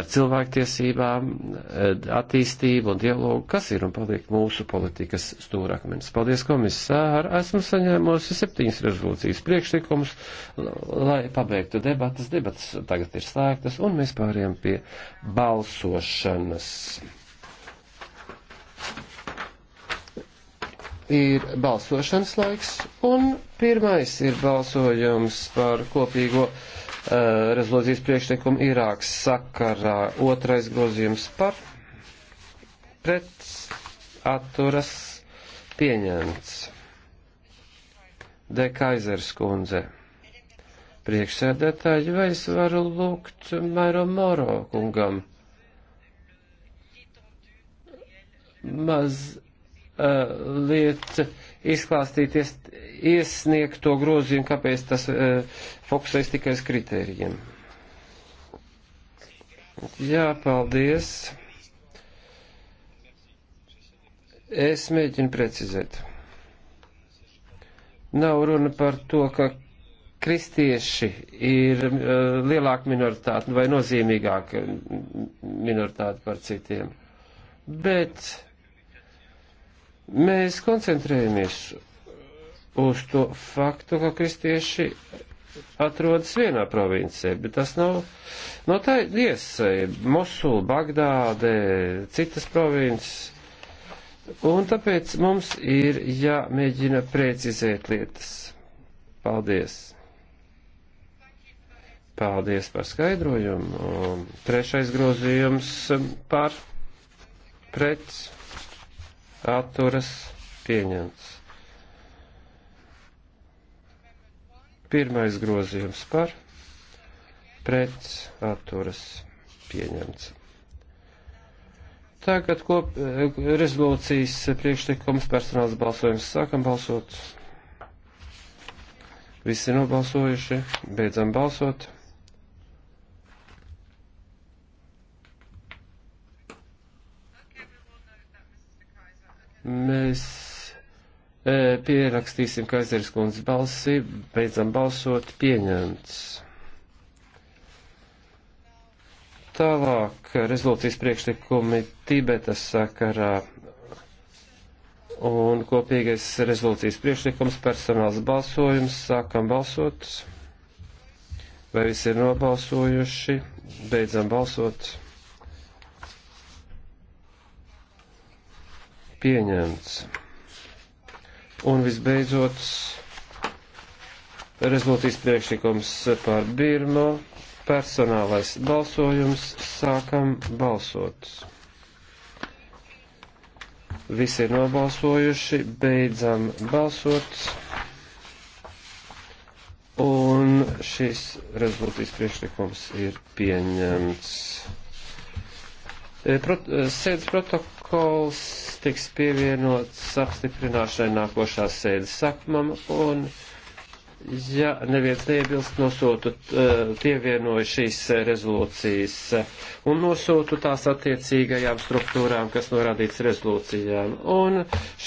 ar cilvēktiesībām, eh, attīstību un dialogu, kas ir un paliek mūsu politikas stūrakmenis. Paldies, komisāri! Esmu saņēmusi septiņas rezolūcijas priekšlikumus, lai pabeigtu debatas. Debatas tagad ir slēgtas un mēs pārējām pie balsošanas. ir balsošanas laiks, un pirmais ir balsojums par kopīgo uh, rezolūcijas priekšlikumu Irāks sakarā. Otrais grozījums par pret atturas pieņemts. De Kaisers kundze. Priekšsēdētāji, vai es varu lūgt Mairo Moro kungam? Maz Uh, lieta izklāstīt iesniegto grozījumu, kāpēc tas uh, fokusēs tikai uz kritērijiem. Jā, paldies. Es mēģinu precizēt. Nav runa par to, ka kristieši ir uh, lielāka minoritāte vai nozīmīgāka minoritāte par citiem, bet uh, Mēs koncentrējamies uz to faktu, ka kristieši atrodas vienā provincē, bet tas nav, no tā iesa, Mosul, Bagdāde, citas provinces. Un tāpēc mums ir jāmēģina precizēt lietas. Paldies! Paldies par skaidrojumu. Un trešais grozījums par pret atturas pieņemts. Pirmais grozījums par pret atturas pieņemts. Tagad kop, eh, rezolūcijas priekšlikums personāls balsojums sākam balsot. Visi nobalsojuši, beidzam balsot. Mēs e, pierakstīsim Kaiseris kundzes balsi, beidzam balsot, pieņemts. Tālāk rezolūcijas priekšlikumi Tibetas sakarā un kopīgais rezolūcijas priekšlikums personāls balsojums. Sākam balsot. Vai visi ir nobalsojuši? Beidzam balsot. pieņemts. Un visbeidzot, rezultīs priekšlikums par Birmo, personālais balsojums, sākam balsot. Visi ir nobalsojuši, beidzam balsot. Un šis rezultīs priekšlikums ir pieņemts. Eh, prot, eh, sēdes protokols tiks pievienots apstiprināšanai nākošās sēdes sakmam un, ja neviens neiebilst, nosūtu eh, pievienoju šīs rezolūcijas un nosūtu tās attiecīgajām struktūrām, kas norādīts rezolūcijām. Un šī